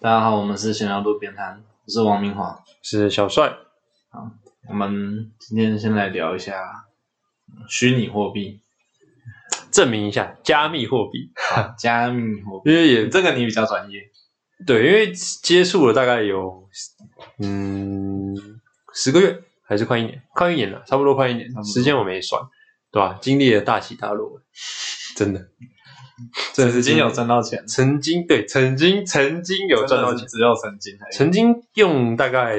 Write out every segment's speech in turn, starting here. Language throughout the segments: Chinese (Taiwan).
大家好，我們是閒聊路邊攤，我是王明華，是小帥。好，我們今天先來聊一下虛擬貨幣，證明一下加密貨幣，加密貨幣，貨幣 因為也這個你比較專業，對，因為接觸了大概有嗯十個月，還是快一年，快一年了，差不多快一年，時間我沒算，對吧，啊？經歷了大起大落，真的。曾經有賺到錢，曾經，對，曾經曾經有賺到錢，只要曾經，曾經用大概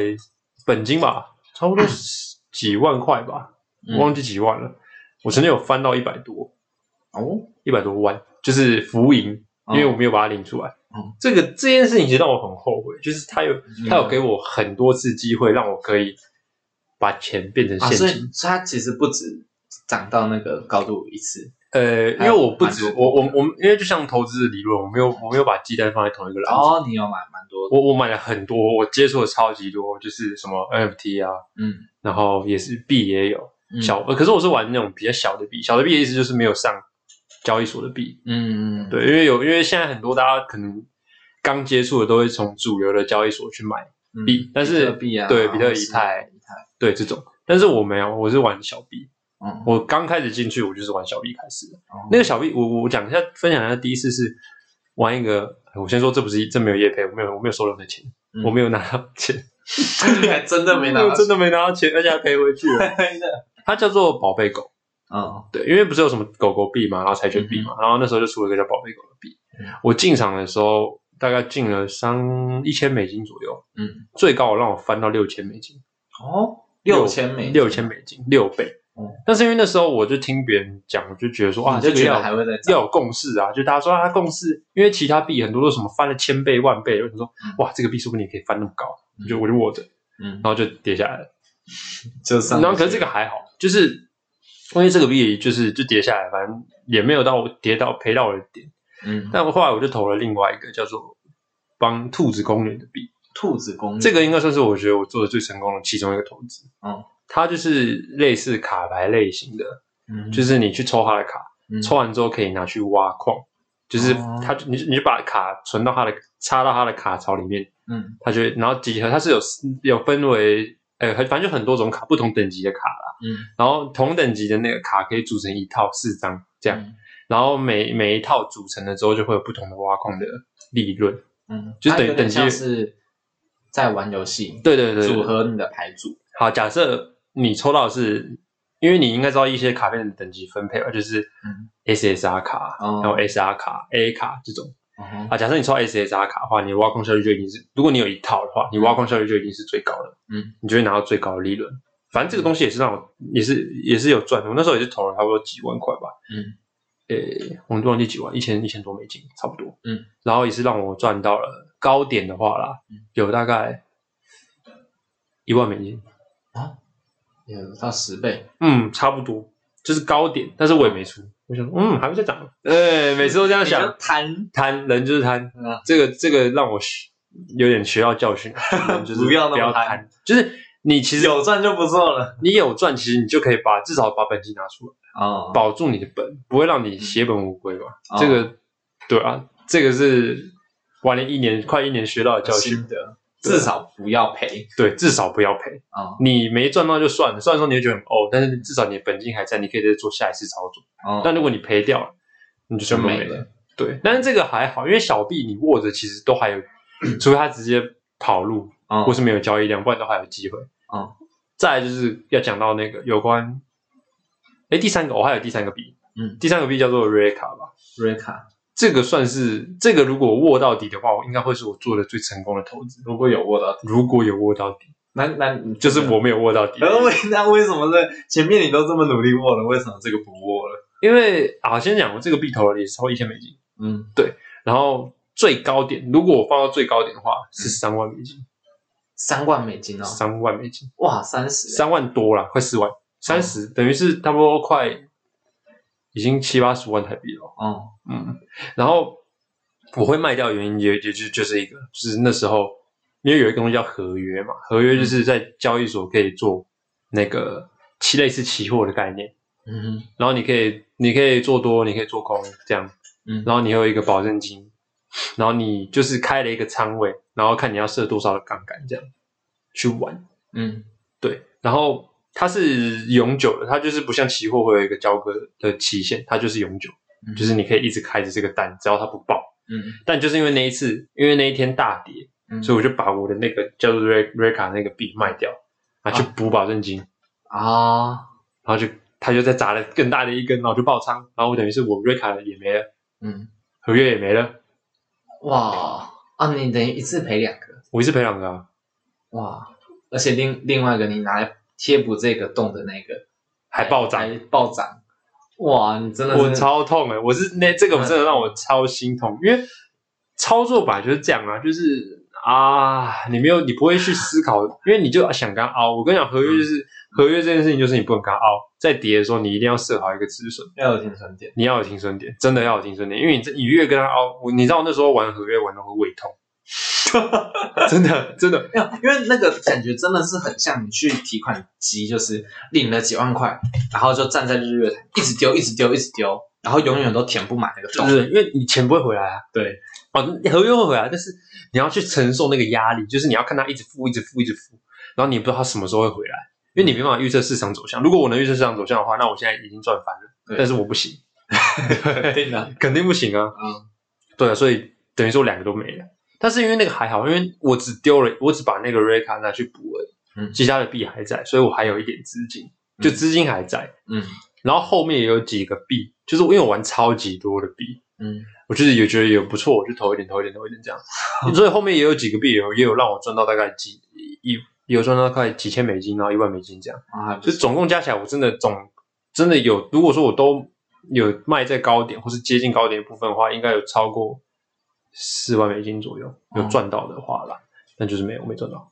本金吧，差不多幾萬塊吧，啊、我忘記幾萬了、嗯。我曾經有翻到一百多，哦，一百多萬，就是浮盈、嗯，因為我沒有把它領出來。嗯、這個這件事情其實讓我很後悔，就是他有他有給我很多次機會，讓我可以把錢變成現金。他、嗯、啊、所以其實不止漲到那個高度一次。呃，因為我不止我我我們，因為就像投資的理論，我沒有我沒有把雞蛋放在同一個籃。哦，你有買蠻多的？我我買了很多，我接觸的超級多，就是什麼 NFT 啊，嗯，然後也是幣也有、嗯、小，可是我是玩那種比較小的幣，小的幣的意思就是沒有上交易所的幣，嗯,嗯,嗯，對，因為有因為現在很多大家可能剛接觸的都會從主流的交易所去買幣，嗯、但是比特幣啊，對比特以,以,以太，對這種，但是我沒有，我是玩小幣。嗯、我剛開始進去，我就是玩小幣開始的，嗯。那個小幣，我我講一下，分享一下。第一次是玩一個，我先說，這不是一，這沒有業配，我沒有，我沒有收人的錢，嗯，我沒有拿到錢。嗯、 你還真的沒拿到，真的沒拿到錢，真的沒拿到錢 而且還賠回去了。哎、他叫做寶貝狗。嗯、哦，對，因為不是有什麼狗狗幣嘛，然後柴犬幣嘛，然後那時候就出了一個叫寶貝狗的幣，嗯。我進場的時候大概進了三一千美金左右。嗯，最高讓我翻到六千美金。哦，六千美，六千美金，六倍。但是因為那時候我就聽別人講，我就覺得說、嗯、哇，這個要還會在要有共識啊！就大家說啊，共識，因為其他幣很多都什麼翻了千倍萬倍，就說哇，這個幣說不定可以翻那麼高，嗯、就我就握着，然後就跌下來了、嗯就來。然後可是這個還好，就是，關於這個幣就是就跌下來，反正也沒有到跌到賠到我的點。嗯，但後來我就投了另外一個叫做幫兔子公園的幣，兔子公園這個應該算是我覺得我做的最成功的其中一個投資。嗯。它就是類似卡牌類型的、嗯，就是你去抽它的卡、嗯，抽完之後可以拿去挖礦、嗯，就是它，你、哦、你就把卡存到它的插到它的卡槽裡面，嗯，它就然後集合它是有有分為，呃，反正就很多種卡，不同等級的卡啦，嗯，然後同等級的那個卡可以組成一套四張這樣、嗯，然後每每一套組成了之後就會有不同的挖礦的利潤，嗯，就等於等於是在玩遊戲，對對對，組合你的牌組，好，假設。你抽到的是，因為你應該知道一些卡片的等級分配，就是 SSR 卡，嗯哦、然後 SR 卡、A 卡這種、嗯。啊，假設你抽到 SSR 卡的話，你的挖礦效率就已經是，如果你有一套的話，你挖礦效率就已經是最高了。嗯，你就會拿到最高的利潤。反正這個東西也是讓我，也是也是有賺。我那時候也是投了差不多幾萬塊吧。嗯，誒，我都忘記幾萬，一千一千多美金差不多。嗯，然後也是讓我賺到了高點的話啦，有大概一萬美金啊。差十倍，嗯，差不多，就是高點，但是我也沒出，哦、我想，嗯，還會再漲，對、欸，每次都這樣想，貪貪人就是貪、嗯啊，這個這個讓我學，有點學到教訓，不要那麼貪，就是你其實有賺就不錯了，你有賺，其實你就可以把至少把本金拿出來啊、哦，保住你的本，不會讓你血本無歸吧、嗯？這個對啊，這個是玩了一年，快一年學到的教訓。至少不要賠，對，至少不要賠。啊、嗯，你沒賺到就算了，雖然說你會覺得很哦，但是至少你的本金還在，你可以再做下一次操作。啊、嗯，但如果你賠掉了，你就沒了。對，但是這個還好，因為小幣你握着其實都還有、嗯，除非它直接跑路、嗯，或是沒有交易量，不然都還有機會。啊、嗯，再來就是要講到那個有關，哎，第三個我、哦、還有第三個幣，嗯，第三個幣叫做瑞卡吧，瑞卡。這個算是這個，如果握到底的話，我應該會是我做的最成功的投資。如果有握到底，嗯、如果有握到底，那那就是我沒有握到底那。那為那，那為什麼在前面你都這麼努力握了，為什麼這個不握了？因為啊，先講我這個幣投了也超過一千美金。嗯，對。然後最高點，如果我放到最高點的話，嗯，是三萬美金。三萬美金哦，三萬美金。哇，三十，三萬多啦，快四萬。三十、嗯、等於是差不多快，已經七八十萬台幣了。嗯、哦、嗯，然後我會賣掉的原因也也就就是一個，就是那時候因為有一個東西叫合約嘛，合約就是在交易所可以做那個期、嗯、類似期貨的概念。嗯，然後你可以你可以做多，你可以做空，這樣。嗯，然後你有一個保證金，然後你就是開了一個倉位，然後看你要設多少的槓桿這樣去玩。嗯，對，然後。它是永久的，它就是不像期貨會有一個交割的期限，它就是永久，嗯、就是你可以一直開着這個單，只要它不爆。嗯，但就是因為那一次，因為那一天大跌，嗯、所以我就把我的那個叫做瑞瑞卡那個幣賣掉，啊，去補保證金啊，然後就他就再砸了更大的一根，然後就爆倉，然後我等於是我瑞卡的也沒了，嗯，合約也沒了。哇！啊，你等於一次賠兩個？我一次賠兩個啊。哇！而且另另外一個你拿來。貼補這個洞的那個，還，還暴漲，暴漲。哇，你真的是，我超痛哎、欸！我是那這個，真的讓我超心痛，嗯、因為操作吧就是這樣啊，就是啊，你沒有，你不會去思考， 因為你就想跟他凹。我跟你講、就是嗯，合約是合約，這件事情就是你不能跟他凹。在跌的時候，你一定要設好一個止損，要有止損點，你要有停損點，真的要有停損點，因為你這你越跟他凹，我你知道，那時候玩合約玩到會胃痛。 真的，真的 沒有，因為那個感覺真的是很像你去提款機，就是領了幾萬塊，然後就站在日月潭一直丟，一直丟，一直丟，然後永遠都填不滿那個狀態。對，因為你錢不會回來啊。對，對哦，合約會回來，但是你要去承受那個壓力，就是你要看它一直付一直付一直付，然後你不知道它什麼時候會回來，嗯、因為你沒辦法預測市場走向。如果我能預測市場走向的話，那我現在已經賺翻了，但是我不行， 對的、啊，肯定不行啊。嗯，對啊，所以等於說兩個都沒了。但是因為那個還好，因為我只丟了，我只把那個 r rac 卡拿去補了，嗯，其他的幣還在，所以我還有一點資金，嗯、就資金還在。嗯，然後後面也有幾個幣，就是因為我玩超級多的幣，嗯，我就是有覺得也不錯，我就投一點，投一點，投一點這樣、嗯。所以後面也有幾個幣，有也有讓我賺到大概幾一，也有賺到快幾千美金，啊，一萬美金這樣。啊、嗯，就總共加起來，我真的總真的有，如果說我都有賣在高點或是接近高點的部分的話，應該有超過。四萬美金左右，有賺到的話啦、嗯，但就是沒有，我沒賺到，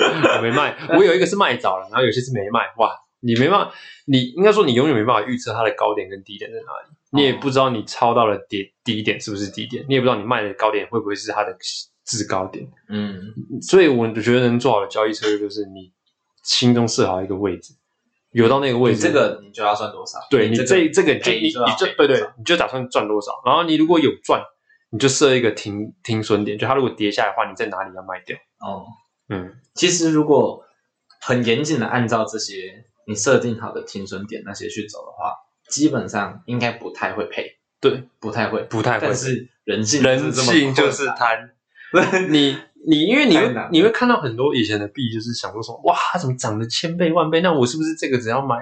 我沒賣。我有一個是賣早了，然後有些是沒賣。哇，你沒辦法，你應該說你永遠沒辦法預測它的高點跟低點在哪裡，嗯、你也不知道你抄到了低點是不是低點，你也不知道你賣的高點會不會是它的至高點。嗯，所以我覺得能做好的交易策略就是你心中設好一個位置，有到那個位置，這個你就要算多少？對你這個、你對你這，這個就、欸、你你就，你就對，對對，你就打算賺多少？然後你如果有賺。你就設一個停停損點，就它如果跌下來的話，你在哪裡要賣掉？哦，嗯，其實如果很嚴謹的按照這些你設定好的停損點那些去走的話，基本上應該不太會賠。對，不太會，不太會。但是人性是人性就是貪， 你你因為你會你會看到很多以前的幣，就是想說說哇，怎麼漲了千倍萬倍？那我是不是這個只要買？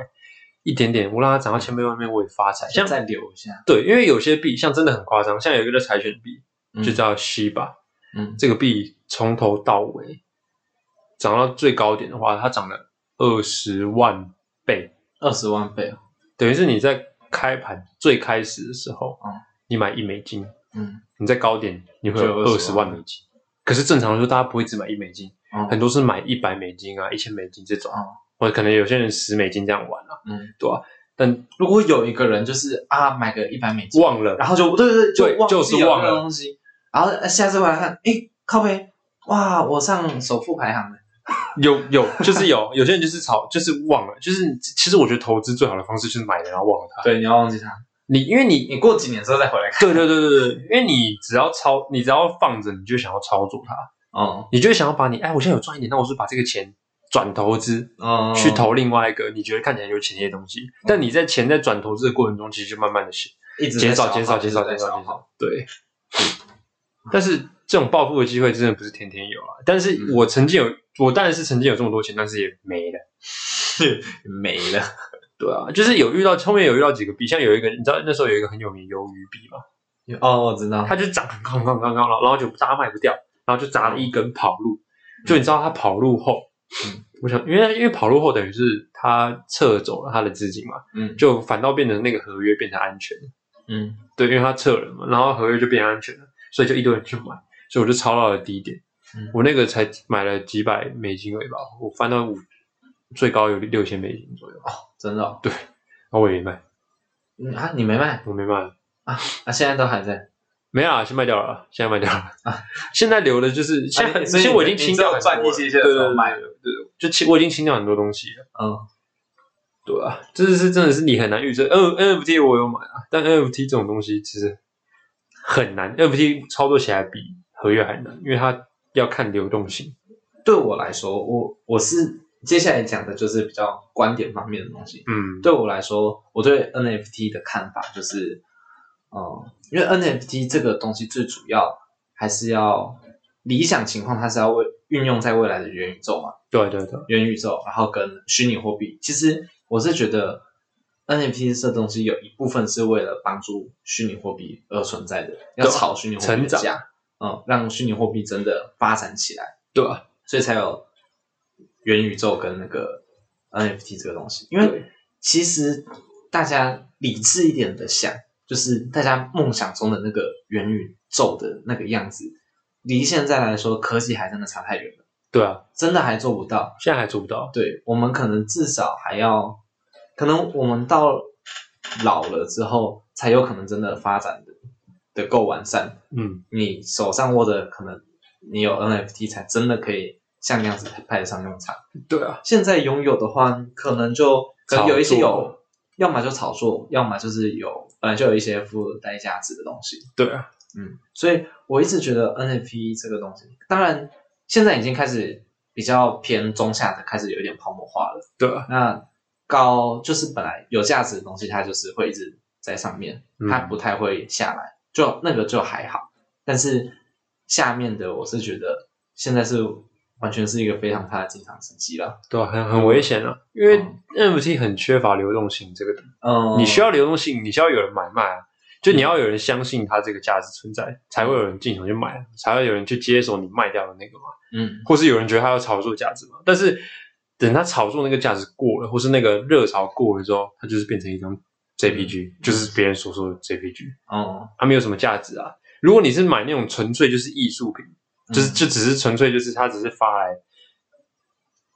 一點點，我讓它漲到千倍萬倍，我也發財、嗯。像再留一下，對，因為有些幣像真的很誇張，像有一個叫柴犬幣、嗯，就叫西吧、嗯。這個幣從頭到尾漲到最高點的話，它漲了二十萬倍。二十萬倍、哦、等於是你在開盤最開始的時候，嗯、你買一美金、嗯，你在高點你會有二十萬美金。可是正常的時候大家不會只買一美金、嗯，很多是買一百美金啊，一千美金這種。嗯或可能有些人十美金這樣玩了、啊，嗯，對啊。但如果有一個人就是啊，買個一百美金忘了，然後就對對對，就對就是忘了東西。然後下次回來看，誒，靠北，哇，我上首富排行有有就是有， 有些人就是炒就是忘了，就是其實我覺得投資最好的方式就是買了然後忘了它。對，你要忘記它，你因為你你過幾年之後再回來看。對對對對對，因為你只要操你只要放着，你就想要操作它。哦、嗯，你就想要把你哎，我現在有賺一點，那我是把這個錢。轉投資、嗯，去投另外一個你覺得看起來有潛力的東西、嗯，但你在錢在轉投資的過程中，其實就慢慢的一減，減少，減少，減少，減少，減少，對、嗯。但是這種暴富的機會真的不是天天有啊。但是我曾經有、嗯，我當然是曾經有這麼多錢，但是也沒了，嗯、沒了。對啊，就是有遇到後面有遇到幾個幣，像有一個你知道那時候有一個很有名魷魚幣嘛？哦，我知道，他就漲很高很高很高，然後就砸賣不掉，然後就砸了一根跑路。嗯、就你知道他跑路後，嗯，我想，因為因為跑路後等於是他撤走了他的資金嘛，嗯，就反倒變成那個合約變成安全，嗯，對，因為他撤了嘛，然後合約就變安全了，所以就一堆人去買，所以我就抄到了低點，嗯，我那個才買了幾百美金尾巴，我翻到五最高有六千美金左右哦，真的，哦，對，那，哦，我也沒賣，嗯啊，你沒賣，我沒賣了啊啊，現在都還在。沒有啊，先賣掉了，現在賣掉了。啊、現在留的就是、啊、現在，其實我已經清掉很多了。了對，對就我已經清掉很多東西了。嗯，對啊，就是是真的是你很難預測。哦、NFT 我有買啊，但 NFT 這種東西其實很難，NFT 操作起來比合約還難，因為它要看流動性。對我來說，我我是接下來講的就是比較觀點方面的東西。嗯，對我來說，我對 NFT 的看法就是。哦、嗯，因為 NFT 這個東西最主要還是要理想情況，它是要為運用在未來的元宇宙嘛。對對對，元宇宙，然後跟虛擬貨幣。其實我是覺得 NFT 這東西有一部分是為了幫助虛擬貨幣而存在的，要炒虛擬貨幣的價，成長，嗯，讓虛擬貨幣真的發展起來。對，所以才有元宇宙跟那個 NFT 這個東西。因為其實大家理智一點的想，就是大家夢想中的那個元宇宙的那個樣子，離現在來說科技還真的差太遠了。對啊，真的還做不到。現在還做不到。對，我們可能至少還要，可能我們到老了之後才有可能真的發展得夠完善。嗯，你手上握的可能你有 NFT 才真的可以像樣子派得上用場。對啊，現在擁有的話，可能就可能有一些有，要麼就炒作，要麼就是有。本來就有一些附帶價值的東西，對啊，嗯，所以我一直覺得 NFT 這個東西，當然現在已經開始比較偏中下的，開始有一點泡沫化了。對啊，那高就是本來有價值的東西，它就是會一直在上面，嗯、它不太會下來，就那個就還好。但是下面的，我是覺得現在是。完全是一個非常差的進場時機了，對、啊，很很危險啊、嗯。因為 NFT 很缺乏流動性，這個，嗯，你需要流動性，你需要有人買賣啊，就你要有人相信它這個價值存在、嗯，才會有人進場去買啊，才會有人去接手你賣掉的那個嘛，嗯，或是有人覺得它要炒作價值嘛，但是等它炒作那個價值過了，或是那個熱潮過了之後，它就是變成一張 JPG，就是別人所說的 JPG，哦、嗯，它沒有什麼價值啊，如果你是買那種純粹就是藝術品。就是，就只是純粹就是，他只是發來，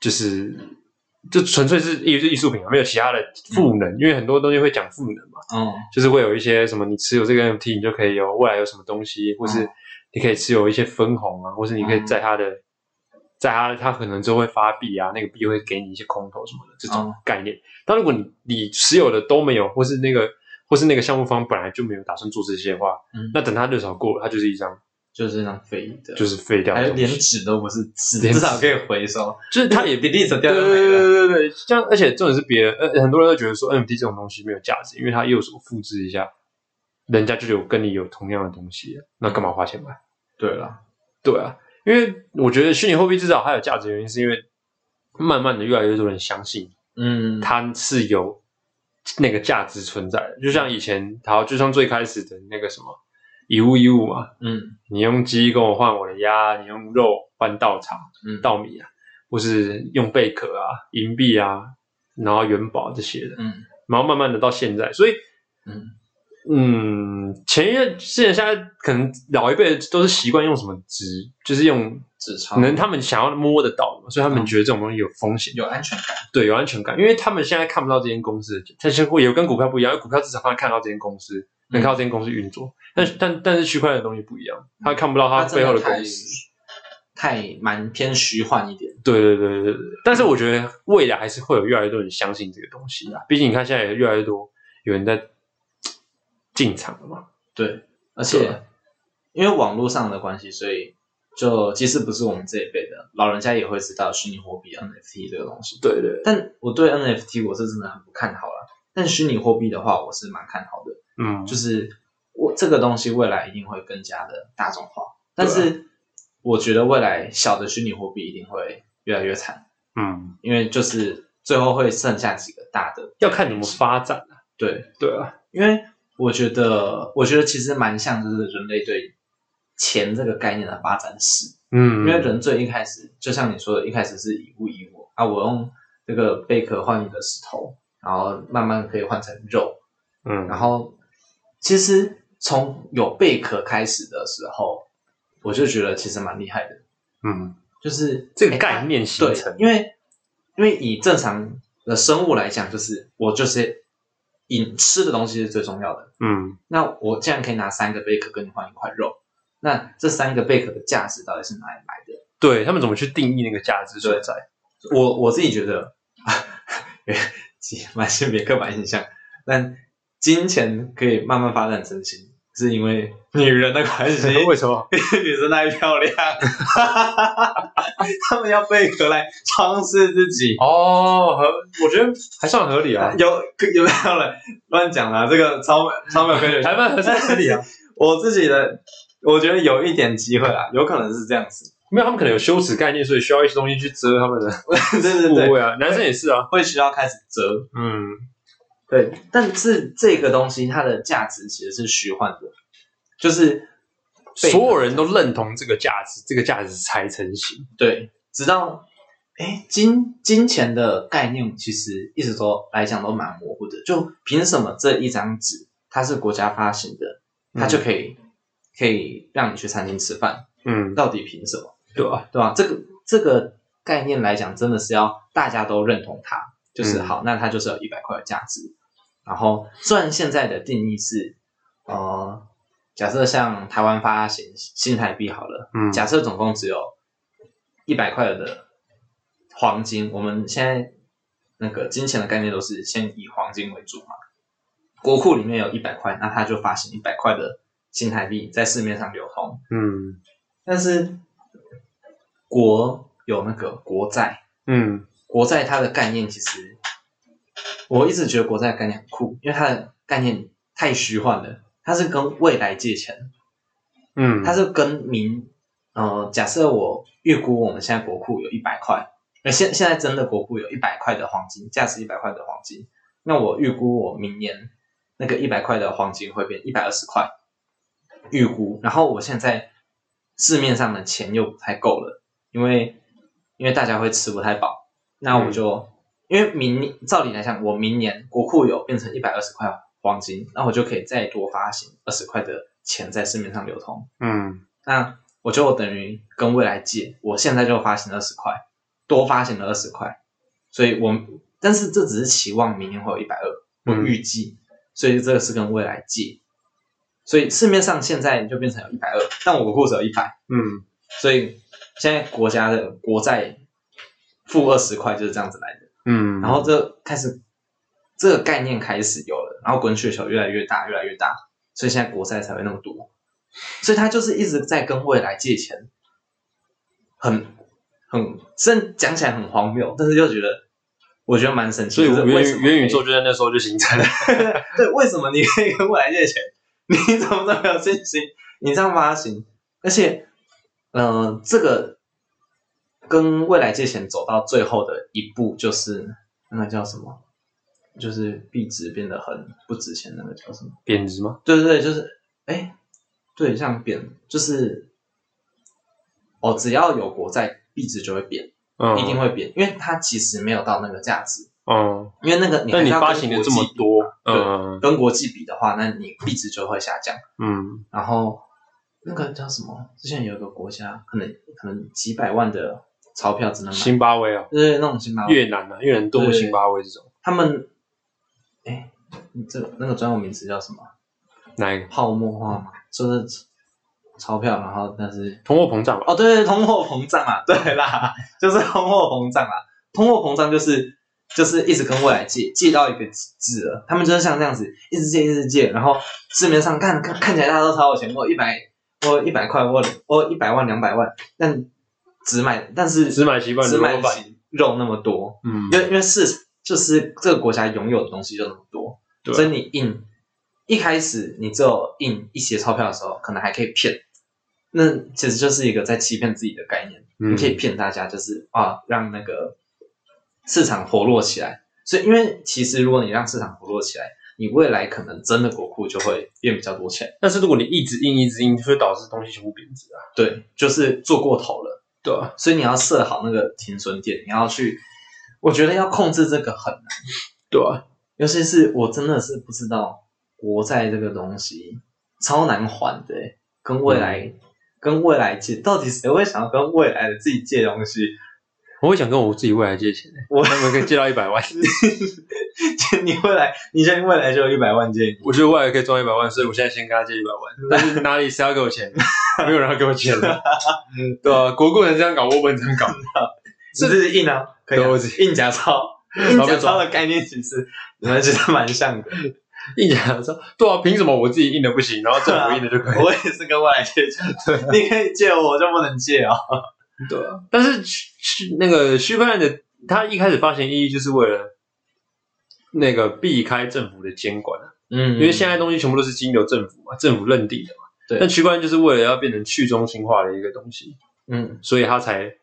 就是，就純粹是藝藝術品啊，沒有其他的賦能，因為很多東西會講賦能嘛，嗯，就是會有一些什麼，你持有這個 NFT，你就可以有未來有什麼東西，或是你可以持有一些分紅啊，嗯、或是你可以在它的，在它的，它可能就會發幣啊，那個幣會給你一些空投什麼的這種概念。但、嗯、如果你你持有的都沒有，或是那個，或是那個項目方本來就沒有打算做這些的話、嗯，那等它熱潮過了，它就是一張。就是那廢的，就是廢掉的，的連紙都不是，紙至少可以回收。就是它也被扔掉。 對對對對對，像，而且這種是別人、呃，很多人都覺得說 NFT 這種東西沒有價值，因為它右手複製一下，人家就有跟你有同樣的東西，那幹嘛花錢買？嗯、對了，對啊，因為我覺得虛擬貨幣至少還有價值，原因是因為慢慢的越來越多人相信，嗯，它是有那個價值存在的、嗯。就像以前，好，就像最開始的那個什麼，以物易物嘛，嗯，你用雞跟我換我的鴨，你用肉換稻草、嗯，稻米啊，或是用貝殼啊、銀幣啊，然後元寶這些的，嗯，然後慢慢的到現在，所以，嗯嗯，前一輩、甚至現在可能老一輩都是習慣用什麼紙，就是用紙鈔，可能他們想要摸得到嘛，所以他們覺得這種東西有風險、嗯，有安全感，對，有安全感，因為他們現在看不到這間公司，這些會有跟股票不一樣，因為股票至少他看到這間公司。能靠這間公司運作，但但但是區塊的東西不一樣，他看不到他背後的公司。太蠻偏虛幻一點。對對對對對，對，對，對，但是我覺得未來還是會有越來越多人相信這個東西的。畢、啊、竟你看現在也越來越多有人在進場了嘛。對，而且、啊、因為網絡上的關係，所以就即使不是我們這一輩的老人家也會知道虛擬貨幣 NFT 這個東西。對，對對。但我對 NFT 我是真的很不看好了，啊，但虛擬貨幣的話，我是蠻看好的。嗯，就是我這個東西未來一定會更加的大眾化，對啊，但是我覺得未來小的虛擬貨幣一定會越來越慘，嗯，因為就是最後會剩下幾個大的大，要看怎麼發展了啊。對對啊，因為我覺得，我覺得其實蠻像就是人類對錢這個概念的發展史，嗯，因為人最一開始就像你說的，一開始是以物易物啊，我用這個貝殼換你的石頭，然後慢慢可以換成肉，嗯，然後。其實從有貝殼開始的時候，我就覺得其實蠻厲害的。嗯，就是這個概念形成，欸、因為因為以正常的生物來講，就是我就是吃的東西是最重要的。嗯，那我既然可以拿三個貝殼跟你換一塊肉，那這三個貝殼的價值到底是哪裡來，來的？對，他們怎麼去定義那個價值？對對，我我自己覺得，也滿先別刻板印象，但。金錢可以慢慢發展成型，是因為女人的關係。為什麼？因為女生太漂亮， 他們要貝殼來裝飾自己。哦，我覺得還算合理啊。有有沒有人亂講了？這個超超沒有根據，還算合，合理啊。 我自己的，我覺得有一點機會啊， 有可能是這樣子。因為他們可能有羞恥概念，所以需要一些東西去遮他們的。 對對對、啊，男生也是啊，會需要開始遮。嗯。對，但是這個東西它的價值其實是虛幻的，就是所有人都認同這個價值，這個價值才成型。對，直到哎金金錢的概念其實意思說來講都蠻模糊的。就憑什麼這一張紙它是國家發行的，它就可以、嗯、可以讓你去餐廳吃飯？嗯，到底憑什麼？嗯、對吧？對吧？這個這個概念來講，真的是要大家都認同它，就是好，嗯、那它就是有一百塊的價值。然後，雖然現在的定義是，呃，假設像台灣發行新台幣好了，嗯，假設總共只有一百塊的黃金，我們現在那個金錢的概念都是先以黃金為主嘛，國庫裡面有一百塊，那他就發行一百塊的新台幣在市面上流通，嗯，但是國有那個國債，嗯，國債它的概念其實。我一直覺得國債概念很酷，因為它的概念太虛幻了。它是跟未來借錢，嗯，它是跟明，呃，假設我預估我們現在國庫有一百塊，哎、呃，現現在真的國庫有一百塊的黃金，價值一百塊的黃金。那我預估我明年那個一百塊的黃金會變一百二十塊，預估。然後我現在市面上的錢又不太夠了，因為因為大家會吃不太飽，那我就。嗯因為明年照理來講，我明年國庫有變成一百二十塊黃金，那我就可以再多發行二十塊的錢在市面上流通。嗯，那我就等於跟未來借，我現在就發行二十塊，多發行了二十塊，所以我但是這只是期望明年會有一百二，我預計，所以這個是跟未來借，所以市面上現在就變成有一百二，但我國庫只有一百，嗯，所以現在國家的國債負二十塊就是這樣子來的。嗯，然後這開始這個概念開始有了，然後滾雪球，越來越大，越來越大，所以現在國債才會那麼多。所以他就是一直在跟未來借錢，很很，雖然講起來很荒謬，但是又覺得我覺得蠻神奇。所以元元宇宙，就是，就在那時候就形成了。 對，為什麼你可以跟未來借錢？你怎麼那麼有信心？你這樣發行，而且嗯、呃，這個。跟未來借錢走到最後的一步，就是那個叫什麼？就是幣值變得很不值錢，那個叫什麼？貶值嗎？對對對，就是，哎，對，像貶，就是，哦，只要有國債，幣值就會貶，嗯，一定會貶，因為它其實沒有到那個價值，哦，嗯。因為那個你,國你發行的這麼多，對，嗯嗯，跟國際比的話，那你幣值就會下降，嗯，然後那個叫什麼？之前有一個國家，可能可能幾百萬的。鈔票只能辛巴威哦、啊，就是那種辛巴威、越南吶、啊，越南多辛巴威這種。他們，哎，你這那個專有名詞叫什麼？哪一個？泡沫化嘛，就是鈔票，然後但是通貨膨脹嘛。哦，對對，通貨膨脹啊，對啦，就是通貨膨脹啊。通貨膨脹就是就是一直跟未來借借到一個極致了。他們就是像這樣子，一直借一直借，然後市面上看看，看起來大家都超有錢，過一百過一百塊，過過一百萬兩百萬，但只買，但是只買，習慣，只買肉那麼多，嗯，因因為市場就是這個國家擁有的東西就那麼多，對啊、所以你印一開始你只有印一些鈔票的時候，可能還可以騙，那其實就是一個在欺騙自己的概念，嗯、你可以騙大家，就是啊，讓那個市場活絡起來，所以因為其實如果你讓市場活絡起來，你未來可能真的國庫就會變比較多錢，但是如果你一直印一直印，就會導致東西全部貶值啊，對，就是做過頭了。對，所以你要設好那個停損點，你要去，我覺得要控制這個很難。對，尤其是我真的是不知道國債這個東西超難還的，跟未來、嗯、跟未來借，到底誰會想要跟未來的自己借東西？我會想跟我自己未來借錢，我能不能可以借到一百萬？借 你未來，你向未來就有一百萬借？我覺得未來可以賺一百萬，所以我現在先跟他借一百萬。但是哪裡是要給我錢？ 沒有人要給我錢了、 嗯。對啊，國共人這樣搞，不 能這樣搞， 嗯啊、樣搞樣搞 是不是印啊？可以、啊，我印假鈔，印假鈔的概念其實 你們其實蠻像的。印假鈔，對啊，憑什麼我自己印的不行，然後政府印的就可以？ 我也是跟未來借錢， 你可以借我，我就不能借啊、哦？對、啊，但是那個區塊鏈的，它一開始發行意義就是為了那個避開政府的監管啊。嗯，因為現在東西全部都是經由政府嘛，政府認定的嘛。對，但區塊鏈就是為了要變成去中心化的一個東西。嗯，所以他才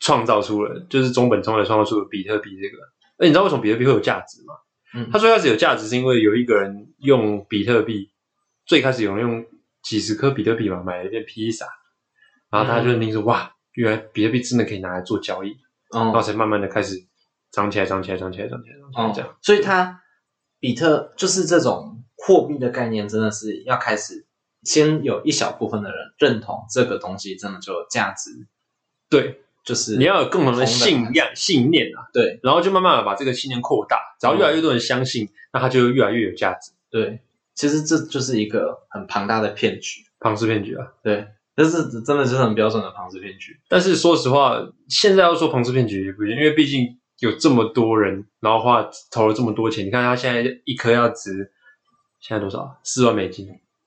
創造出了，就是中本聰才創造出比特幣這個。哎，你知道為什麼比特幣會有價值嗎？嗯，他最開始有價值是因為有一個人用比特幣，最開始有人用幾十顆比特幣嘛，買了一件披薩，然後他就認說、嗯、哇。原來比特幣真的可以拿來做交易、嗯，然後才慢慢的開始漲起來，漲起來，漲起來，漲起來，漲起來嗯、這樣。所以他比特就是這種貨幣的概念，真的是要開始先有一小部分的人認同這個東西，真的就有價值。對，就是你要有共同的信仰信念啊。對，然後就慢慢的把這個信念擴大，只要越來越多人相信，嗯、那它就越來越有價值。對，其實這就是一個很龐大的騙局，龐氏騙局啊。對。但是真的是很標準的龐氏騙局。但是說實話，現在要說龐氏騙局也不行，因為畢竟有這麼多人，然後花，投了這麼多錢。你看他現在一顆要值現在多少？四萬美金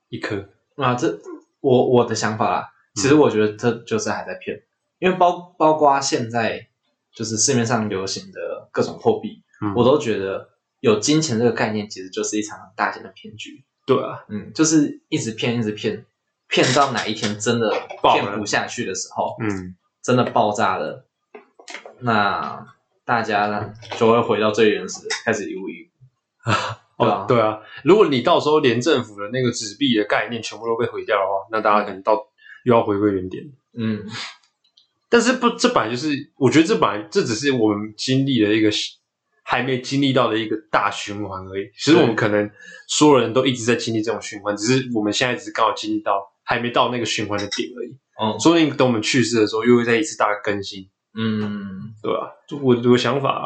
一顆。啊，這我我的想法啦，其實我覺得這就是還在騙、嗯，因為包包括現在就是市面上流行的各種貨幣、嗯，我都覺得有金錢這個概念，其實就是一場大型的騙局。對啊，嗯，就是一直騙，一直騙。騙到哪一天真的騙不下去的時候，嗯，真的爆炸了，那大家呢，就會回到最原始的，開始以物易物對啊、哦，對啊。如果你到時候連政府的那個紙幣的概念全部都被毀掉的話，那大家可能到又要回歸原點。嗯。但是不，這本來就是，我覺得這本來這只是我們經歷的一個，還沒經歷到的一個大循環而已。其實我們可能所有人都一直在經歷這種循環，只是我們現在只是剛好經歷到。還沒到那個循環的點而已，嗯，說不定等我們去世的時候，又會再一次大的更新，嗯，對吧？就我有想法，啊。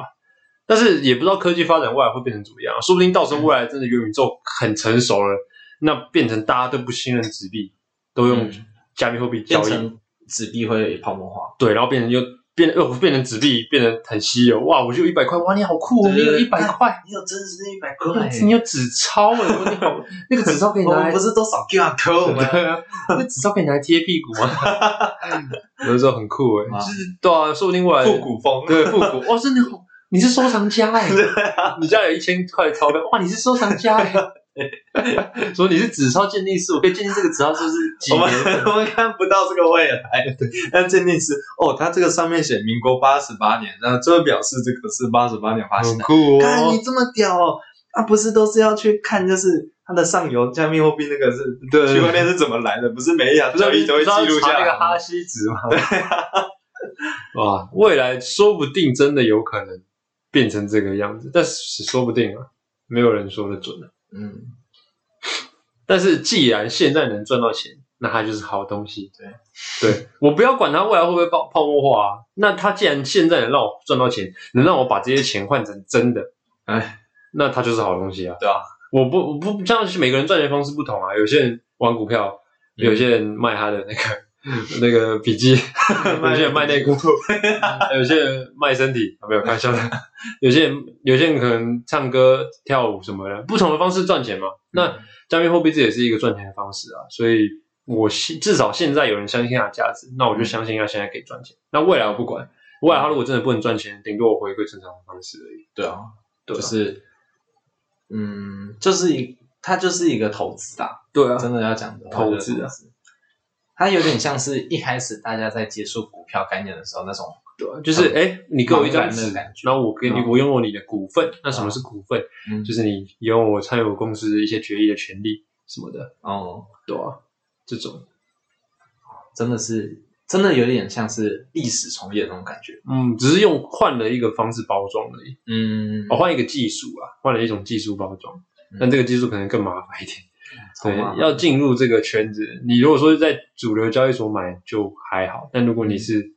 但是也不知道科技發展未來會變成怎麼樣、啊，說不定到時候未來真的元宇宙很成熟了、嗯，那變成大家都不信任紙幣，都用加密貨幣，交易。紙幣會泡沫化，對，然後變成又。變哦，變成紙幣，變成很稀有哦，哇！我就有一百塊，哇！你好酷哦，哦！你有一百塊，你有真實的一百塊，你有紙鈔哎！ 你好，那個紙鈔可以拿來，不是多少 Q 啊 Q 嗎？ 那紙鈔可以拿來貼屁股嗎、啊？有的時候很酷哎，就是、啊、對、啊，說不定未來復古風，對，復古哇，真的好！你是收藏家哎、 啊，你家有一千塊鈔票哇！你是收藏家哎。 說你是紙鈔鑑定師，可以鑑定這個紙鈔是不是幾？幾 年我們看不到這個未來。對，那 鑑定師哦，他這個上面寫民國八十八年，那這表示這個是八十八年發行的。酷、哦幹，你這麼屌哦！啊，不是，都是要去看，就是它的上游加密貨幣那個是，對，區塊鏈是怎麼來的，不是每一條交易都會記錄下來。你知道查那個哈希值嗎？ 對、啊， 哇，未來說不定真的有可能變成這個樣子，但是說不定啊，沒有人說得準、啊。嗯，但是既然現在能賺到錢，那它就是好東西。對，對我不要管它未來會不會爆泡沫化啊。那它既然現在能讓我賺到錢，能讓我把這些錢換成真的，哎，那它就是好東西啊。對啊，我不我不這樣，是每個人賺錢方式不同啊。有些人玩股票，有些人賣他的那個。嗯 那個筆記，有些人賣內褲，有些人賣身體，沒有開玩笑的。有些人，有些人可能唱歌、跳舞什麼的，不同的方式賺錢嘛。嗯、那加密貨幣這也是一個賺錢的方式啊。所以，我現至少現在有人相信它的價值，那我就相信它現在可以賺錢。那未來我不管，未來它如果真的不能賺錢，頂多我回歸正常的方式而已。對啊，就是，嗯，就是一，它就是一個投資啊。對啊，真的要講投資啊。它有點像是一開始大家在接觸股票概念的時候那種，對,就是哎、欸，你給我一張那感覺，然後我給你，嗯、我擁有你的股份，那什麼是股份？嗯、就是你擁有我參與我公司的一些決議的權利什麼的。哦、嗯，對啊，這種，哦、真的是真的有點像是歷史重演那種感覺。嗯，只是用換了一個方式包裝而已。嗯，我、哦、換一個技術啊，換了一種技術包裝、嗯，但這個技術可能更麻煩一點。對，要進入這個圈子，你如果說是在主流交易所買就還好，但如果你是、嗯，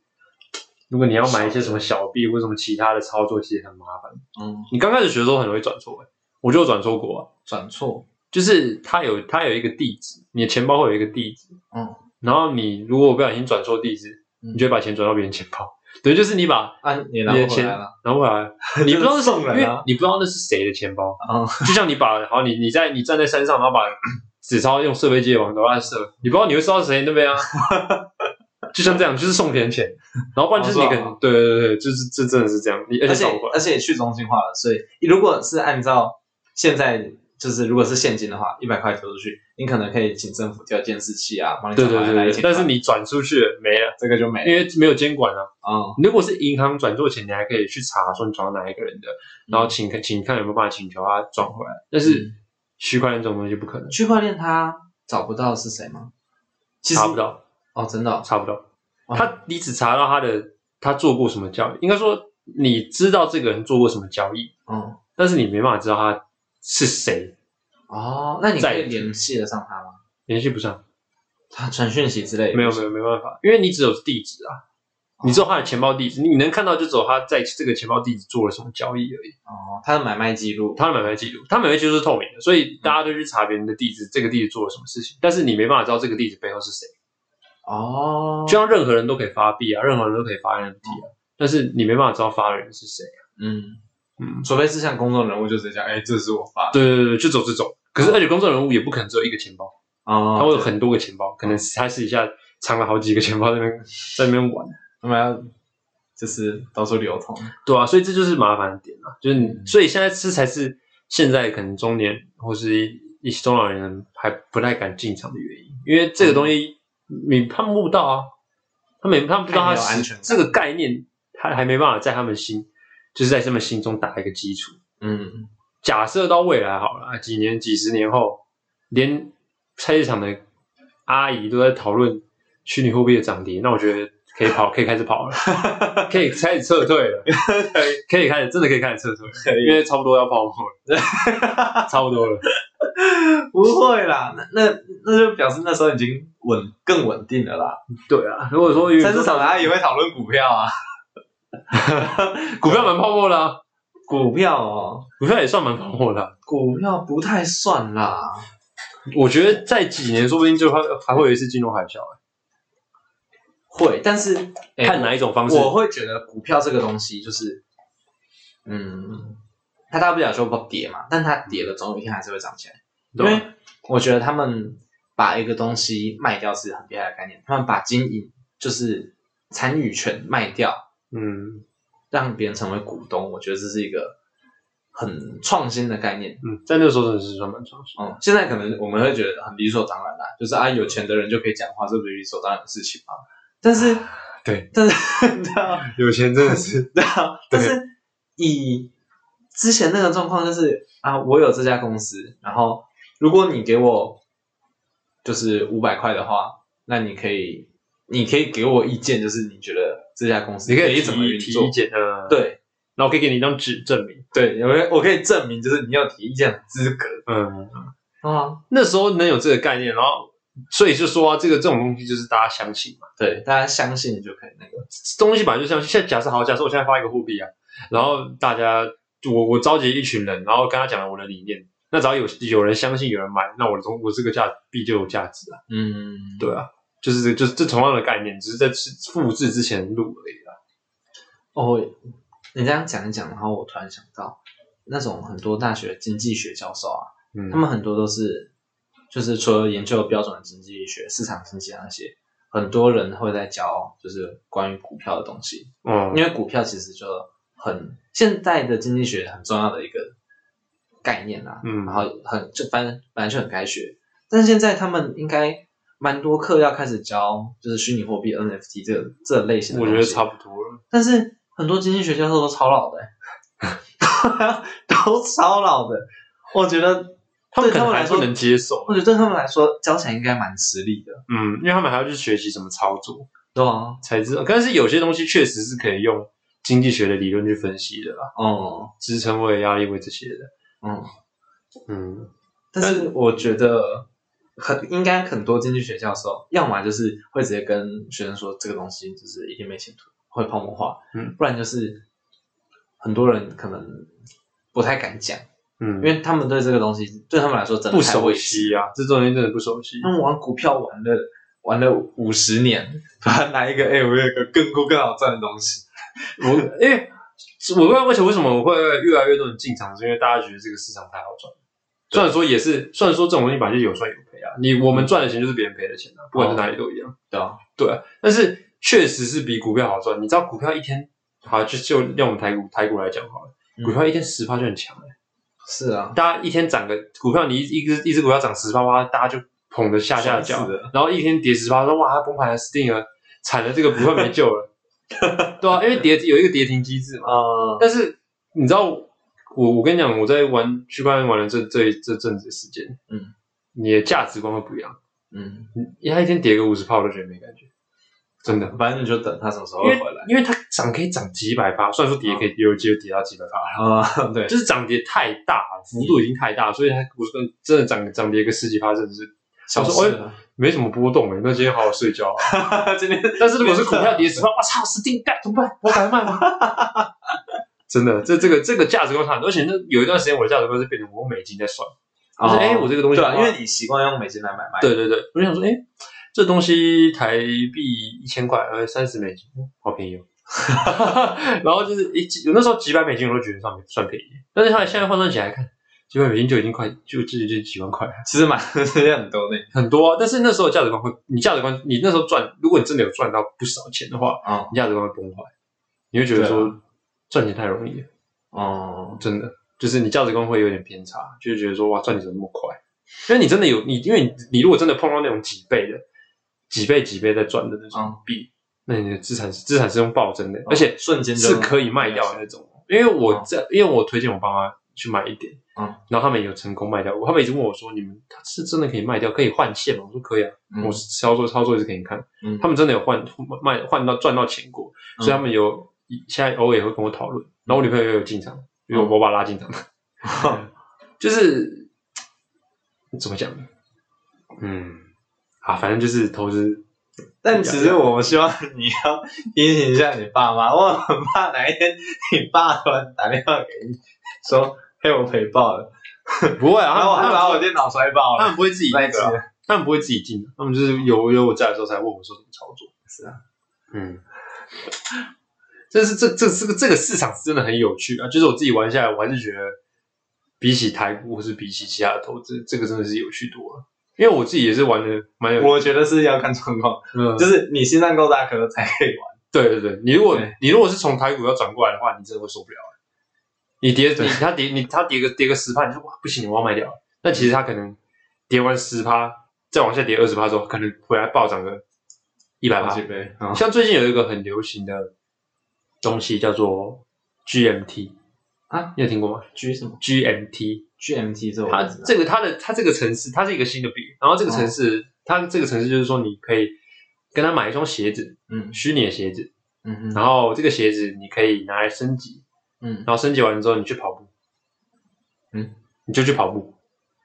如果你要買一些什麼小幣或什麼其他的操作，其實很麻煩。嗯，你剛開始學的時候很容易轉錯、欸，我就轉錯過啊，轉錯就是它有它有一個地址，你的錢包會有一個地址，嗯，然後你如果不小心轉錯地址，你就會把錢轉到別人錢包、嗯。對，就是你把你啊，你的錢拿回來了，回來了 你不知道是什麼人啊，你不知道那是誰的錢包啊，嗯、 就像你把，好，你你在你站在山上，然後把。 只超用設備借往都亂設。你不知道你會收到誰那邊啊？ 就像這樣，就是送點錢，然後不然就是你可能、啊、對對對，對就是這真的是這樣。而且而且，而且去中心化了，所以如果是按照現在就是如果是現金的話，一百塊投出去，你可能可以請政府調監視器啊，對對對對。但是你轉出去了沒了，這個就沒了，因為沒有監管了、啊嗯。如果是銀行轉錯錢，你還可以去查說你轉到哪一個人的，然後請、嗯、請看有沒有辦法請求他轉回來，但是。嗯區塊鏈這種東西就不可能。區塊鏈它找不到是誰嗎？其實查不到哦，真的、哦、查不到。他、嗯、你只查到他的他做過什麼交易，應該說你知道這個人做過什麼交易，嗯，但是你沒辦法知道他是誰哦。那你可以聯繫得上他嗎？聯繫不上，他傳訊息之類的沒，沒有沒有沒辦法，因為你只有地址啊。你知道他的錢包地址，你能看到就只有他在這個錢包地址做了什麼交易而已。哦，他的買賣記錄，他的買賣記錄，他買賣記錄是透明的，所以大家都去查別人的地址，嗯，這個地址做了什麼事情，但是你沒辦法知道這個地址背後是誰。哦，就像任何人都可以發幣啊，任何人都可以發 NFT 啊，嗯，但是你沒辦法知道發的人是誰啊。嗯嗯，除非是像公眾人物，就是這樣，哎，欸，這是我發的。對對對，就走這種。可是而且公眾人物也不可能只有一個錢包啊，他，哦，會有很多個錢包，對可能他私底下藏了好幾個錢包在那在那邊玩。我們要就是到處流通，對啊，所以這就是麻煩點啊，就是你、嗯、所以現在這才是現在可能中年或是一些中老年人還不太敢進場的原因，因為這個東西你、嗯、他們摸不到啊，他們他們不知道它是有安全這個概念，他還，還沒辦法在他們心就是在他們心中打一個基礎。嗯，假設到未來好了，幾年幾十年後，連菜市場的阿姨都在討論虛擬貨幣的漲跌，那我覺得。可以跑，可以開始跑了，可以開始撤退了，可以開始，真的可以開始撤退了，因為差不多要泡沫了， 差不多了，不會啦，那那那就表示那時候已經穩更穩定了啦。對啊，如果說在市場，大家也會討論股票啊， 股票蠻泡沫啦，啊。股票哦，喔，股票也算蠻泡沫啦，啊。股票不太算啦，我覺得在幾年，說不定就會還，還會有一次金融海嘯。會，但是、欸、看哪一種方式我，我會覺得股票這個東西就是，嗯，它大不了說不跌嘛，但它跌了，總有一天還是會漲起來。因、嗯、為、嗯、我覺得他們把一個東西賣掉是很厲害的概念，他們把經營就是參與權賣掉，嗯，讓別人成為股東，我覺得這是一個很創新的概念。嗯，在那時候是算蠻創新的。嗯，現在可能我們會覺得很理所當然啦，就是啊，有錢的人就可以講話，這不是理所當然的事情嗎？但是、啊，對，但是，對啊，有錢真的是，是對啊。但是以之前那個狀況，就是啊，我有這家公司，然後如果你給我就是五百塊的話，那你可以，你可以給我意見，就是你覺得這家公司可以，你可以提提意見，嗯，對。然後我可以給你一張紙證明，對，我可以我可以證明，就是你要提意見的資格，嗯啊，那時候能有這個概念，然後。所以就說、啊、這個這種東西就是大家相信嘛，對，大家相信就可以，那個東西本來就像現在假設好，假設我現在發一個貨幣啊，然後大家我我召集一群人，然後跟他講了我的理念，那只要有有人相信有人買，那我的中我這個價幣就有價值了、啊。嗯，對啊，就是就是這同樣的概念，只是在複製之前錄而已啦。哦，你這樣講一講然後我突然想到那種很多大學經濟學教授啊、嗯，他們很多都是。就是除了研究標準的經濟學、市場經濟那些，很多人會在教，就是關於股票的東西。嗯，因為股票其實就很現代的經濟學很重要的一個概念啦、啊。嗯，然後很就反正反正就很該學，但是現在他們應該蠻多課要開始教，就是虛擬貨幣 NFT 這這類型的東西。我覺得差不多了。但是很多經濟學教授都超老的、欸， 都超老的，我覺得。他們可能還不能接受，或者對他們來說教起來應該蠻吃力的。嗯，因為他們還要去學習怎麼操作，對啊，才知道。但是有些東西確實是可以用經濟學的理論去分析的啦。哦，支撐位、壓力位這些的。嗯嗯，但是我覺得很應該很多經濟學教授，要麼就是會直接跟學生說這個東西就是一定沒前途，會泡沫化，嗯，不然就是很多人可能不太敢講。嗯、因為他們對這個東西，對他們來說真的不，不熟悉啊，這東西真的不熟悉、啊。他們玩股票玩了玩了五十年，把他拿一個 A 股、欸、我有一個更多更好賺的東西。 我，因為我不知道為什麼，為什麼我會越來越多人進場，是因為大家覺得這個市場太好賺。雖然說也是，雖然說這種東西本來就有賺有賠啊。你、嗯、我們賺的錢就是別人賠的錢啊，不管是哪裡都一樣。嗯、對啊，對。啊，但是確實是比股票好賺。你知道股票一天，好就就用我們台股台股來講好了，股票一天十趴就很強哎、欸。是啊，大家一天漲個股票，你一一隻一隻股票漲十趴趴，大家就捧着下下腳，然後一天跌十趴，說哇，他崩盤了，死定了，慘了，這個股票沒救了。 對啊，因為跌有一個跌停機制嘛。哦、但是你知道，我我跟你講，我在玩區塊鏈玩了這這這陣子的時間，嗯，你的價值觀會不一樣，嗯，因為他一天跌個五十趴都覺得沒感覺。真的，反正你就等它什麼時候回來。因為它漲可以漲幾百趴，算是跌可以跌，機、嗯、跌到幾百趴。啊、嗯，對，就是漲跌太大了，幅度已經太大了，所以它我說真的漲漲跌個十幾趴，甚至是小事、哎。沒什麼波動哎、欸，那今天好好睡覺、啊。 今天，但是如果是股票跌的時候，我操，死定蓋，怎麼辦？我把它賣了。 真的，這這個這個價值觀差很多錢。而且那有一段時間，我的價值觀是變成我美金在算。我說哎，我這個東西對、啊，因為你習慣用美金來買賣。對對對，我就想說，誒、欸這東西台幣一千塊，呃，三十美金，好便宜哦。 然後就是一幾，有那時候幾百美金我都覺得算便宜，但是現現在換算起來看，幾百美金就已經快就這就，就，就，就幾萬塊。其實買的東西很多呢，很多、啊。但是那時候價值觀會，你價值觀，你那時候賺，如果你真的有賺到不少錢的話，啊、嗯，你價值觀會崩壞，你會覺得說賺錢太容易了。哦、嗯，真的，就是你價值觀會有點偏差，就覺得說哇，賺錢怎麼那麼快？因為你真的有你，因為你你如果真的碰到那種幾倍的。幾倍幾倍在賺的那種幣、嗯，那你的資產資產是用暴增的，哦、而且瞬間是可以賣掉的那種。哦、因為我在，嗯、因為我推薦我爸媽去買一點，嗯，然後他們也有成功賣掉，他們一直問我說：“你們他是真的可以賣掉，可以換現嗎？”我說：“可以啊，嗯、我操作操作是可以看。”嗯，他們真的有換賣換到賺到錢過、嗯，所以他們有現在偶爾也會跟我討論、嗯。然後我女朋友也有進場，因、嗯、為我，我把他拉進場的、嗯 嗯，就是怎麼講呢？嗯。啊，反正就是投資，但其實我希望你要提醒一下你爸媽， 我很怕哪一天你爸突然打電話給你，說嘿， 陪，我賠爆了。不會啊，他們他把我電腦摔爆了，他們不會自己那個、啊，他們不會自己進的，他們就是有有我在的時候才問我說怎麼操作。是啊，嗯，這是這這這個這個市場是真的很有趣啊，就是我自己玩下來，我還是覺得比起台股或是比起其他的投資，這個真的是有趣多了、啊。因為我自己也是玩的蠻有的，我覺得是要看狀況、嗯，就是你心臟夠大可能才可以玩。對對對，你如果你如果是從台股要轉過來的話，你真的會受不了了。你跌，你他跌，你他跌個跌個十趴，你說哇，不行，我要賣掉了。嗯、那其實他可能跌完十趴，再往下跌二十趴之後，可能回來暴漲個一百趴、哦。像最近有一個很流行的東西叫做 GMT。啊，你有聽過嗎？G 什麼？GMT，GMT 之後，GMT, GMT, 它這個它的它這個城市，它是一個新的幣。然後這個城市，啊、它這個城市就是說，你可以跟他買一雙鞋子，嗯，虛擬的鞋子，嗯，嗯，然後這個鞋子你可以拿來升級，嗯，然後升級完之後你去跑步，嗯，你就去跑步，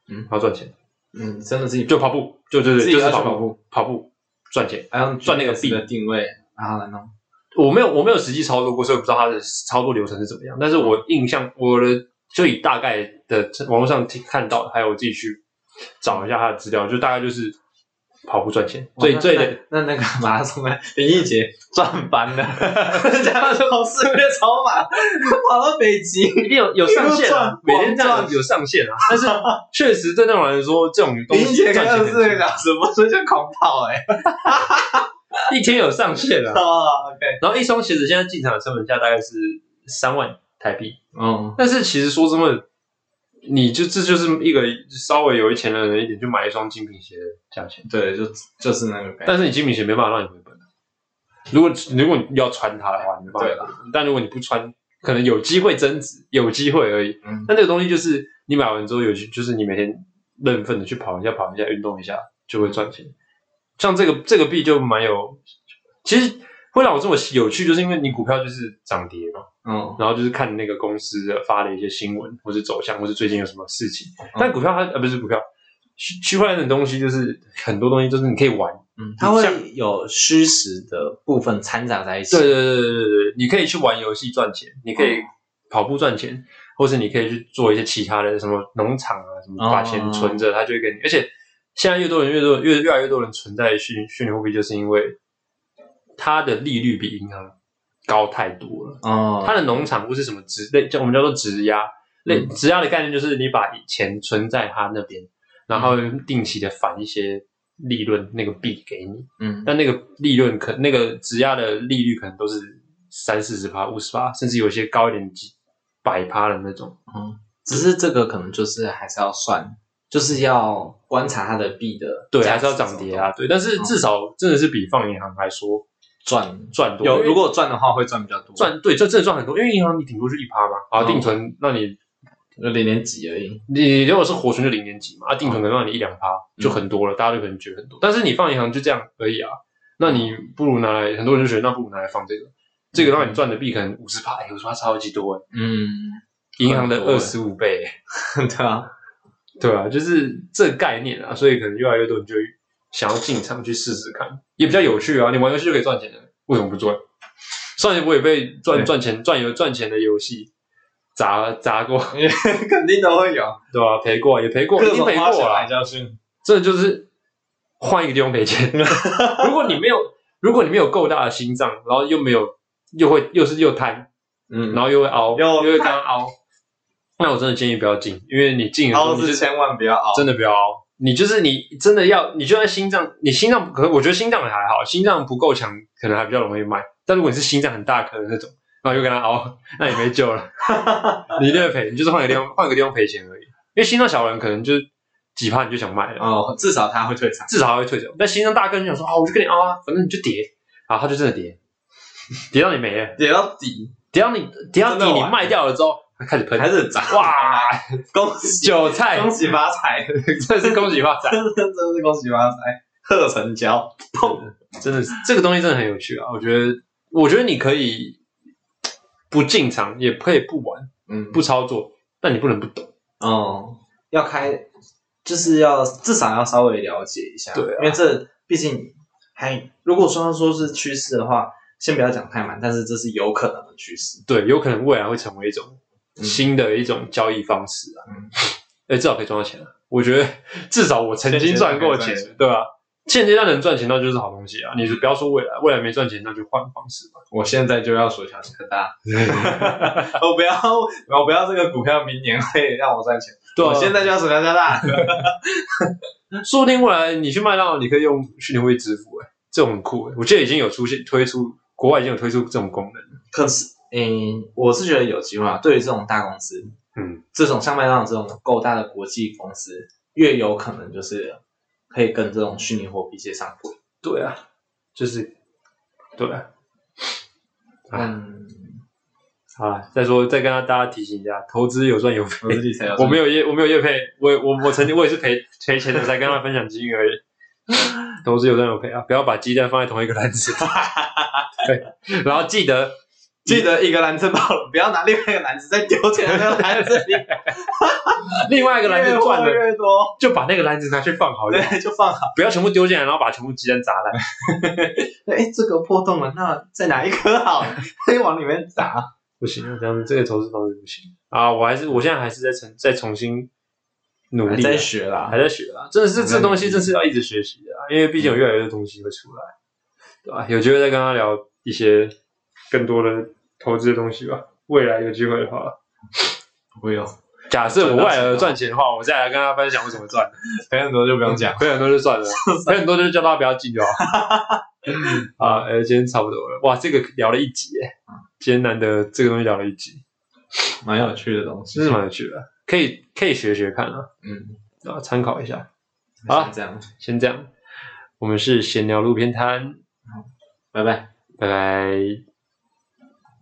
嗯，好賺錢，嗯，真的是就跑步，就就就就是跑步自己跑步，跑步賺錢，然後賺那個幣的定位，然後來弄。我沒有，我沒有實際操作過，所以我不知道他的操作流程是怎麼樣。但是我印象，我的就以大概的網絡上看到，還有我自己去找一下他的資料，就大概就是跑步賺錢。最最那那,那,那那個馬拉松哎，林義傑賺翻了，這樣子跑四個月超馬，跑到北極，一定有有上限、啊、每天這樣有上限啊。但是確實對那種人說，這種東西林義傑幹了四個小時不是就狂跑哎、欸。 一天有上限的啊，oh，OK。然後一雙鞋子現在進場的成本價大概是三萬台幣，哦、嗯，但是其實說真的，你就這就是一個稍微有錢的人一點就買一雙精品鞋的價錢。嗯、對，就就是那個、嗯。但是你精品鞋沒辦法讓你回本。如果如果你要穿它的話，你就回本。但如果你不穿，可能有機會增值，有機會而已。嗯。那這個東西就是你買完之後有，有就是你每天認份的去跑一下、跑一下、運動一下，就會賺錢。像這個這個幣就蠻有，其實會讓我這麼有趣，就是因為你股票就是漲跌嘛，嗯，然後就是看那個公司的發的一些新聞或者走向，或者最近有什麼事情。嗯、但股票它呃、啊、不是股票，虛虛幻的東西就是很多東西就是你可以玩，嗯，它會有虛實的部分摻雜在一起。對對對對對對對，你可以去玩遊戲賺錢，你可以跑步賺錢、嗯，或是你可以去做一些其他的什麼農場啊，什麼把錢存着，嗯、它就會給你，而且。現在越多人越多越越來越多人存在虛虛擬貨幣，就是因為它的利率比銀行高太多了。哦，它的農場不是什麼值，那叫我們叫做質押，那質押的概念就是你把錢存在它那邊，然後定期的返一些利潤那個幣給你。嗯，但那個利潤可那個質押的利率可能都是三四十趴、五十趴，甚至有些高一點幾百趴的那種。嗯，只是這個可能就是還是要算。就是要觀察它的幣的價值，對，還是要漲跌啊？哦、對，但是至少真的是比放銀行來說賺賺多。有賺多，如果賺的話，會賺比較多。賺，對，這真的賺很多，因為銀行你頂多是一趴嘛。哦、啊，定存那你零點幾而已。你如果是活存就零點幾嘛。嗯、啊，定存可能讓你一兩趴就很多了，嗯、大家都可能覺得很多。但是你放銀行就這樣而已啊。嗯、那你不如拿來很多人就覺得那不如拿來放這個，嗯、這個讓你賺的幣可能五十趴，五十趴超級多。嗯，銀、嗯、行的二十五倍。 對啊。對啊，就是這個概念啊，所以可能越來越多你就想要進場去試試看，也比較有趣啊。你玩遊戲就可以賺錢的，為什麼不賺？雖然我也被賺賺錢賺遊賺錢的遊戲砸砸過，肯定都會有，對吧、啊？賠過也賠過，肯定賠過啦，就是，這就是換一個地方賠錢。 如果你沒有，如果你沒有夠大的心臟，然後又沒有，又會又是又貪，嗯，然後又會熬，又會這樣熬。那我真的建議不要進，因為你進，你就千萬不要熬，真的不要熬。你就是你真的要，你就算心臟，你心臟可能我覺得心臟還好，心臟不夠強可能還比較容易賣。但如果你是心臟很大顆的那種，然後就跟他熬，那也沒救了。哈哈哈，你一定會賠，你就是換個地方，換個地方賠錢而已。因為心臟小的人可能就幾趴你就想賣了。哦、嗯，至少他會退場，至少他會退場。但心臟大顆就想說，哦、啊，我就跟你熬啊，反正你就跌，好，他就真的跌，跌到你沒了，跌到底，跌到你跌到底，你賣掉了之後。開始噴，還是很炸哇！ 恭喜韭菜，恭喜發財！這是恭喜發財，真是恭喜發財！賀 成交， 真的是這個東西真的很有趣啊！我覺得，我覺得你可以不進場，也可以不玩，嗯，不操作，但你不能不懂。哦、嗯，要開，就是要至少要稍微了解一下，對、啊，因為這畢竟還如果說說是趨勢的話，先不要講太滿，但是這是有可能的趨勢，對，有可能未來會成為一種。新的一種交易方式啊，哎、嗯欸，至少可以賺到錢啊！我覺得至少我曾經賺過錢，錢對吧、啊？現階段能賺錢，那就是好東西啊！你是不要說未來，未來沒賺錢，那就換方式吧。我現在就要說條件很大， 我不要，我不要這個股票明年會讓我賺錢。我、啊、 現在就要說條件大，說不定未來你去麥當勞，你可以用虛擬幣支付、欸，哎，這種很酷、欸！我記得已經有出現推出，國外已經有推出這種功能了，可是。嗯，我是覺得有機會啊。對於這種大公司，嗯，這種像麥當勞這種夠大的國際公司，越有可能就是可以跟這種虛擬貨幣接上軌。對啊，就是對啊。嗯，嗯好啊。再說，再跟大家提醒一下，投資有賺有賠。我沒有業，我沒有業配。我我我曾經我也是賠賠錢的， 才跟他分享機遇而已。 投資有賺有賠啊！不要把雞蛋放在同一個籃子裡。 對，然後記得。記得一個籃子爆了，不要拿另外一個籃子再丟進來。籃子裡， 另外一個籃子賺的越多，就把那個籃子拿去放好，好， 對，就放好，不要全部丟進來，然後把全部雞蛋砸爛。哎 欸，這個破洞了，那再拿一顆好，可 以 往裡面砸，不行，這樣子這個投資方式不行啊！我還是，我現在還是在重，再重新努力了，還在，學還在學啦，還在學啦，真的是這些東西真是要一直學習的啊，因為畢竟有越來越多東西會出來，嗯、對吧？有機會再跟他聊一些更多的。投資的東西吧，未來有機會的話，不用。假設我未來賺錢，錢的話，我再來跟大家分享我怎麼賺。賠 很多就不用講，賠 很多就算了，賠 很多就叫他不要進就好。啊、 欸，今天差不多了，哇，這個聊了一集耶，今天、嗯、難得這個東西聊了一集，蠻有趣的東西，真是蠻有趣的，可以可以學學看啊，嗯，啊，參考一下。好，這樣，先這樣。 我們是閒聊路邊攤、嗯，拜拜，拜拜。